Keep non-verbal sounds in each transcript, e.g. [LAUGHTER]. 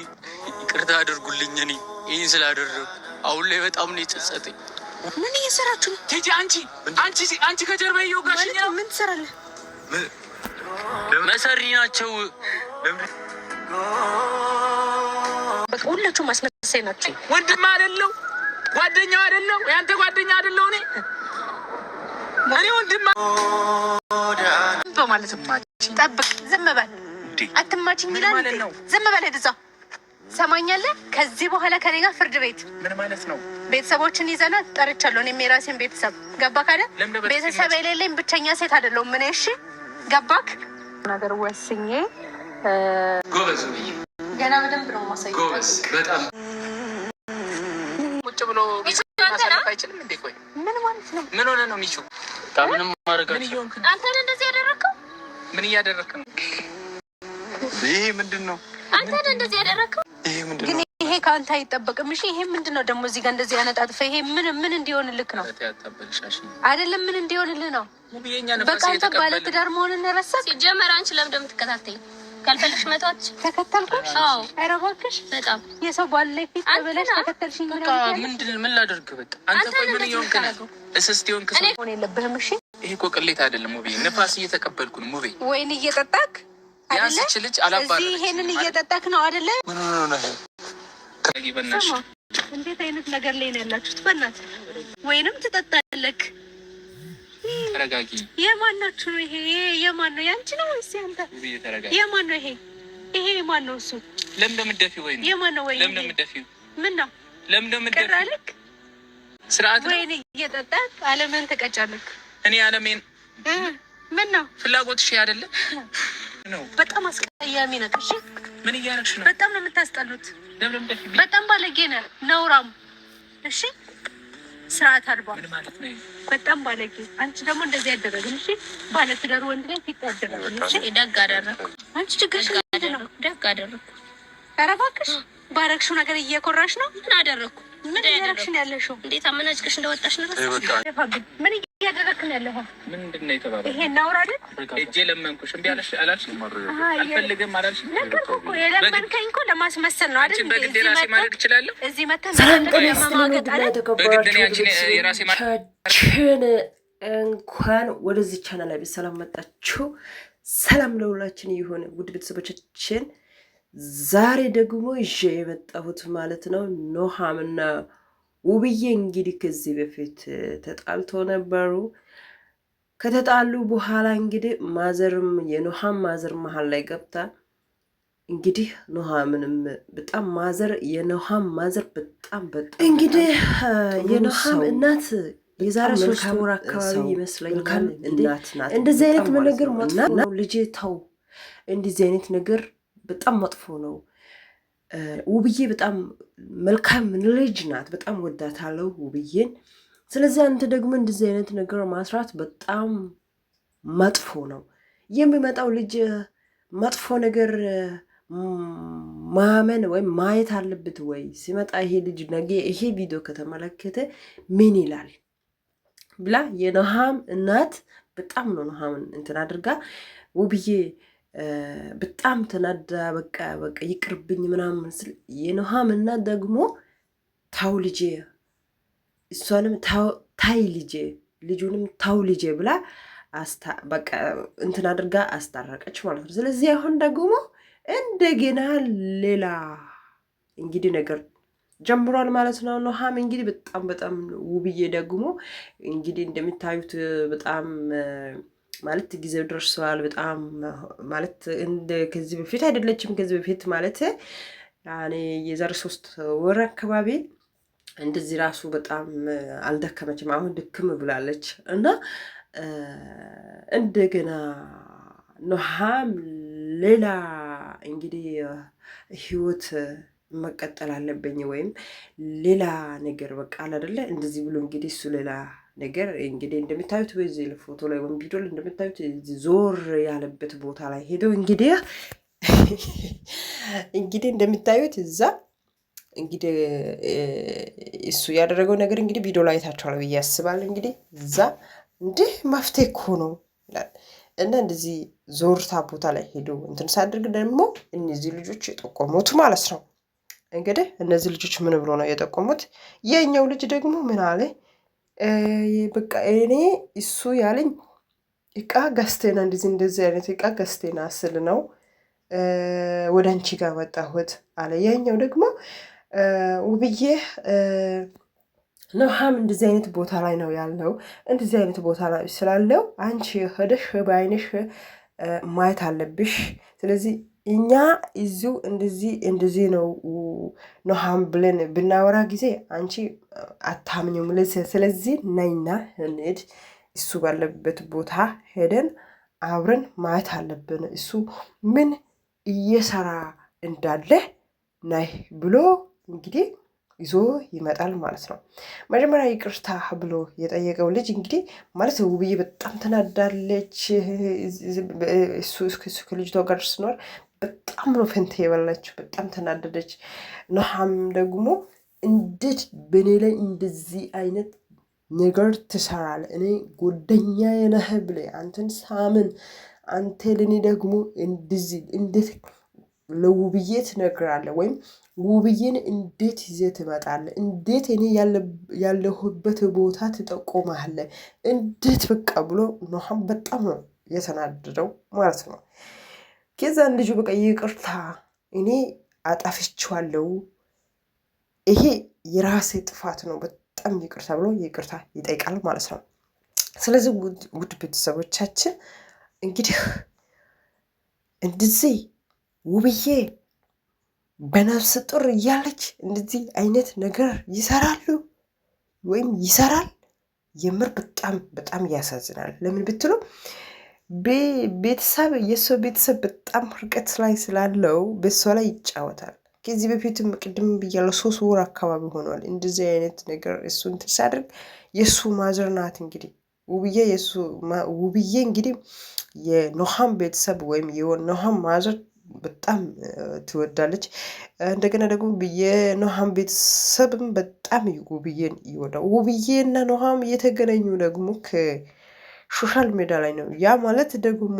ይቅርታ አድርጉልኝ። እኔ ይህን ስላደረግ አሁን ላይ በጣም ነው የጸጸተኝ። ምን እየሰራችሁ ነው? ቴዲ አንቺ አንቺ አንቺ ከጀርባ እየወጋሽኛ ምን ትሰራለ? መሰሪ ናቸው በቃ ማስመሳይ ናቸው። ወንድም አደለው፣ ጓደኛው አደለው፣ ያንተ ጓደኛ አደለው። እኔ እኔ ወንድም በማለት ጠብቅ፣ ዝም በል ውዴ አትማችኝ ይላል። ዝም በል ሂድ እዛ ሰማኛለህ። ከዚህ በኋላ ከኔ ጋር ፍርድ ቤት ምን ማለት ነው? ቤተሰቦችን ይዘና ጠርቻለሁ። እኔም የራሴን ቤተሰብ ገባክ አይደል? ቤተሰብ የሌለኝ ብቸኛ ሴት አይደለሁም። ምን እሺ፣ ገባክ ነገር ወስኜ ጎበዝ ብዬ ገና በደንብ ነው ማሳየ ጎበዝ በጣም ቁጭ ብሎ ምን ማለት ነው? ምን ሆነ ነው ሚቹ? ምንም ማድረግ አንተን እንደዚህ ያደረግከው ምን እያደረግክ ነው? ይሄ ምንድን ነው? አንተ ነህ እንደዚህ ያደረግከው። ይሄ ምንድን ነው? ይሄ ከአንተ አይጠበቅም። እሺ ይሄ ምንድን ነው ደግሞ እዚህ ጋር እንደዚህ ያነጣጥፈ? ይሄ ምን ምን እንዲሆንልክ ነው? አይደለም ምን እንዲሆንልህ ነው? በቃ አንተ ባለትዳር መሆንን ረሳክ። ሲጀመር አንቺ ለምን እንደምትከታተይኝ ካልፈልሽ መቷች ተከተልኩሽ። ኧረ እባክሽ በጣም የሰው ባል ላይ ፊት በላሽ ተከተልሽኝ። ምንድን ምን ላደርግ? በቃ አንተ ቆይ ምን እየሆንክ ነው? እስስት ሆንክ ሆን የለብህም። እሺ ይሄ እኮ ቅሌት አይደለም ሙቤ፣ ንፋስ እየተቀበልኩ ነው ሙቤ። ወይን እየጠጣክ ቢያንስች ልጅ አላባረረች። ይሄንን እየጠጣክ ነው አደለ? እንዴት አይነት ነገር ላይ ነው ያላችሁት? በእናት ወይንም ትጠጣለክ። ተረጋጊ። የማን ናችሁ ነው ይሄ? የማን ነው? ያንቺ ነው ወይስ ያንተ? የማን ነው ይሄ? ይሄ የማን ነው? እሱ ለምደምደፊ ወይ የማን ነው? ወይ ለምደምደፊ ምን ነው ለምደምደፊ? ቅራልክ ስርዓት ወይኔ እየጠጣክ አለምን ትቀጫለክ። እኔ አለሜን ምን ነው ፍላጎትሽ አይደለም በጣም አስቀያሚ ነህ። እሺ ምን እያደረግሽ ነው? በጣም ነው የምታስጠሉት። በጣም ባለጌ ነህ፣ ነውራም። እሺ ስርዓት አልባ በጣም ባለጌ። አንቺ ደግሞ እንደዚህ ያደረግን። እሺ ባለትዳር ወንድ ላይ ፊት ያደረግን። እሺ ደግ አደረግኩ። አንቺ ችግርሽ ነው? ደግ አደረግኩ። ኧረ እባክሽ ባረግሽው ነገር እየኮራሽ ነው። ምን አደረግኩ? ምን እያደረግሽ ነው ያለሽው? እንዴት አመናጭቅሽ እንደወጣሽ ነው። ምን እያደረግን ያለሁ ምንድን ነው የተባለው? ይሄን አውራ አይደል እጄ ለመንኩሽ፣ እምቢ አለሽ አላልሽም? አልፈልግም አላልሽም? የለመንከኝ እኮ ለማስመሰል ነው አይደል? በግድ የራሴ ማድረግ እችላለሁ። ሰላም ጤና ይስጥልን። ውድና የተከበራችሁ እንኳን ወደዚህ ቻናል ላይ ሰላም መጣችሁ። ሰላም ለሁላችን ይሁን ውድ ቤተሰቦቻችን። ዛሬ ደግሞ ይዤ የመጣሁት ማለት ነው ኖሃምና ውብዬ እንግዲህ ከዚህ በፊት ተጣልቶ ነበሩ። ከተጣሉ በኋላ እንግዲህ ማዘርም የኖሃም ማዘር መሀል ላይ ገብታ እንግዲህ ምንም በጣም ማዘር የኖሃም ማዘር በጣም በጣም እንግዲህ የኖሃም እናት የዛሬ ሶስት ወር አካባቢ ይመስለኛል እናት ናት። እንደዚህ አይነት ነገር መጥፎ ነው ልጄ ተው፣ እንደዚህ አይነት ነገር በጣም መጥፎ ነው ውብዬ በጣም መልካም ልጅ ናት። በጣም ወዳታለሁ ውብዬን። ስለዚህ አንተ ደግሞ እንደዚህ አይነት ነገር ማስራት በጣም መጥፎ ነው። የሚመጣው ልጅ መጥፎ ነገር ማመን ወይም ማየት አለበት ወይ ሲመጣ ይሄ ልጅ ነገ ይሄ ቪዲዮ ከተመለከተ ምን ይላል ብላ የነሃም እናት በጣም ነው ነሃምን እንትን አድርጋ ውብዬ በጣም ተናዳ በቃ በቃ ይቅርብኝ ምናምን ስል የኑሃምና ደግሞ ታው ልጄ እሷንም ታይ ልጄ ልጁንም ታው ልጄ ብላ በቃ እንትን አድርጋ አስታረቀች ማለት ነው። ስለዚህ አሁን ደግሞ እንደገና ሌላ እንግዲህ ነገር ጀምሯል ማለት ነው። ኑሃም እንግዲህ በጣም በጣም ውብዬ ደግሞ እንግዲህ እንደሚታዩት በጣም ማለት ጊዜ ደርሰዋል። በጣም ማለት ከዚህ በፊት አይደለችም። ከዚህ በፊት ማለት ያኔ የዛሬ ሶስት ወር አካባቢ እንደዚህ ራሱ በጣም አልደከመችም። አሁን ድክም ብላለች እና እንደገና ኖሃም ሌላ እንግዲህ ህይወት መቀጠል አለብኝ ወይም ሌላ ነገር በቃ አላደለ እንደዚህ ብሎ እንግዲህ እሱ ሌላ ነገር እንግዲህ እንደምታዩት በዚህ ፎቶ ላይ ወይም ቪዲዮ ላይ እንደምታዩት ዞር ያለበት ቦታ ላይ ሄዶ እንግዲህ [LAUGHS] እንግዲህ እንደምታዩት እዛ እንግዲህ እሱ ያደረገው ነገር እንግዲህ ቪዲዮ ላይ አይታችኋል ብዬ አስባለሁ። እንግዲህ እዛ እንዲህ መፍትሄ እኮ ነው እና እንደዚህ ዞርታ ቦታ ላይ ሄዶ እንትን ሳድርግ ደግሞ እነዚህ ልጆች የጠቆሙት ማለት ነው። እንግዲህ እነዚህ ልጆች ምን ብሎ ነው የጠቆሙት? የኛው ልጅ ደግሞ ምን አለ በቃ እኔ እሱ ያለኝ እቃ ገዝተና እንደዚህ እንደዚህ አይነት እቃ ገዝተና ስል ነው ወደ አንቺ ጋር መጣሁት አለ። ያኛው ደግሞ ውብዬ ነውሃም እንደዚህ አይነት ቦታ ላይ ነው ያለው። እንደዚህ አይነት ቦታ ላይ ስላለው አንቺ ሄደሽ በአይንሽ ማየት አለብሽ። ስለዚህ እኛ እዚሁ እንደዚህ እንደዚህ ነው ነሃም ብለን ብናወራ ጊዜ አንቺ አታምኝም። ስለዚህ ነይና እንሂድ፣ እሱ ባለበት ቦታ ሄደን አብረን ማየት አለብን፣ እሱ ምን እየሰራ እንዳለ ናይ ብሎ እንግዲህ ይዞ ይመጣል ማለት ነው። መጀመሪያ ይቅርታ ብሎ የጠየቀው ልጅ እንግዲህ ማለት ውብዬ በጣም ትናዳለች። እሱ ከልጅቷ ጋር ስኖር በጣም ነው ፈንታ የበላችሁ። በጣም ተናደደች። ኑሃም ደግሞ እንዴት በእኔ ላይ እንደዚህ አይነት ነገር ትሰራል? እኔ ጎደኛ የነህ ብለ አንተን ሳምን አንተ ለእኔ ደግሞ እንደዚህ እንዴት ለውብዬ ትነግራለህ? ወይም ውብዬን እንዴት ይዘህ ትመጣለህ? እንዴት እኔ ያለሁበት ቦታ ትጠቆማለህ? እንዴት በቃ ብሎ ኑሃም በጣም ነው የተናደደው ማለት ነው። ከዛን ልጁ በቃ ይቅርታ እኔ አጣፍቼዋለሁ፣ ይሄ የራሴ ጥፋት ነው፣ በጣም ይቅርታ ብሎ ይቅርታ ይጠይቃል ማለት ነው። ስለዚህ ውድ ቤተሰቦቻችን እንግዲህ እንደዚህ ውብዬ በነፍስ ጡር እያለች እንደዚህ አይነት ነገር ይሰራሉ ወይም ይሰራል። የምር በጣም በጣም ያሳዝናል። ለምን ብትሉ ቤተሰብ የሰው ቤተሰብ በጣም ርቀት ላይ ስላለው በሷ ላይ ይጫወታል። ከዚህ በፊትም ቅድም ብያለው ሶስት ወር አካባቢ ሆኗል። እንደዚህ አይነት ነገር እሱ እንትን የእሱ ማዘር ናት እንግዲህ ውብዬ የእሱ ውብዬ እንግዲህ የኖሃም ቤተሰብ ወይም የኖሃም ማዘር በጣም ትወዳለች። እንደገና ደግሞ የኖሃም ቤተሰብም በጣም ውብዬን ይወዳል። ውብዬና ኖሃም የተገናኙ ደግሞ ሶሻል ሜዲያ ላይ ነው። ያ ማለት ደግሞ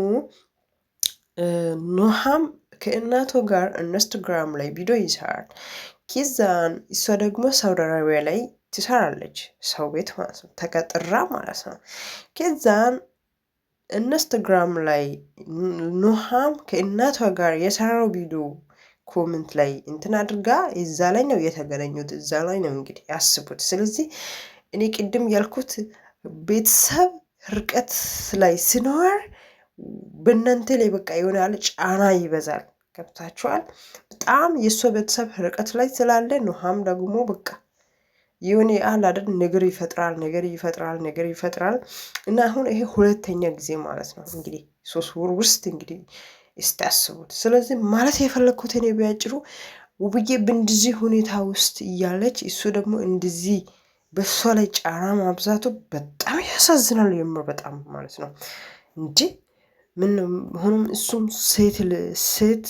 ኖሃም ከእናቱ ጋር ኢንስታግራም ላይ ቪዲዮ ይሰራል። ኪዛን እሷ ደግሞ ሳውዲ አረቢያ ላይ ትሰራለች፣ ሰው ቤት ማለት ነው፣ ተቀጥራ ማለት ነው። ኪዛን ኢንስታግራም ላይ ኖሃም ከእናቷ ጋር የሰራው ቪዲዮ ኮመንት ላይ እንትን አድርጋ እዛ ላይ ነው የተገናኙት። እዛ ላይ ነው እንግዲህ ያስቡት። ስለዚህ እኔ ቅድም ያልኩት ቤተሰብ ርቀት ላይ ሲኖር በእናንተ ላይ በቃ የሆነ ያለ ጫና ይበዛል። ገብታችኋል? በጣም የእሷ ቤተሰብ ርቀት ላይ ስላለ ኑሃም ደግሞ በቃ የሆነ ያህል አይደል ነገር ይፈጥራል ነገር ይፈጥራል ነገር ይፈጥራል። እና አሁን ይሄ ሁለተኛ ጊዜ ማለት ነው እንግዲህ ሶስት ወር ውስጥ እንግዲህ እስታስቡት። ስለዚህ ማለት የፈለግኩት እኔ ቢያጭሩ ውብዬ በእንደዚህ ሁኔታ ውስጥ እያለች እሱ ደግሞ እንደዚህ በእሷ ላይ ጫና ማብዛቱ በጣም ያሳዝናል። የምር በጣም ማለት ነው እንጂ ምን ሆኖም እሱም ሴት ሴት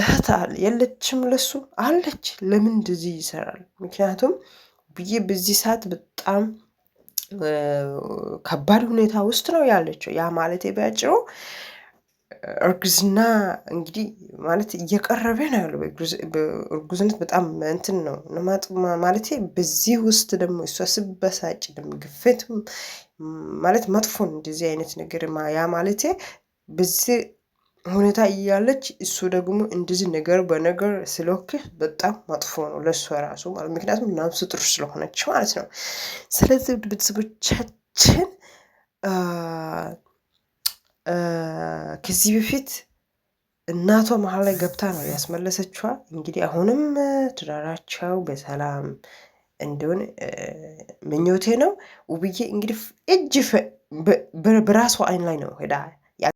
እህት አለ የለችም ለሱ አለች። ለምን እንደዚህ ይሰራል? ምክንያቱም ብዬ በዚህ ሰዓት በጣም ከባድ ሁኔታ ውስጥ ነው ያለችው። ያ ማለት በአጭሩ እርግዝና እንግዲህ ማለት እየቀረበ ነው ያለው። እርጉዝነት በጣም እንትን ነው ማለት በዚህ ውስጥ ደግሞ እሷ ስበሳጭ ደግሞ ግፌትም ማለት መጥፎን እንደዚህ አይነት ነገር ያ ማለት በዚህ ሁኔታ እያለች እሱ ደግሞ እንደዚህ ነገር በነገር ስለወክህ በጣም መጥፎ ነው ለእሷ ራሱ ማለት ምክንያቱም ነፍሰ ጡር ስለሆነች ማለት ነው። ስለዚህ ቤተሰቦቻችን ከዚህ በፊት እናቷ መሀል ላይ ገብታ ነው ያስመለሰችዋ። እንግዲህ አሁንም ትዳራቸው በሰላም እንዲሆን ምኞቴ ነው። ውብዬ እንግዲህ እጅ በራሷ አይን ላይ ነው ሄዳ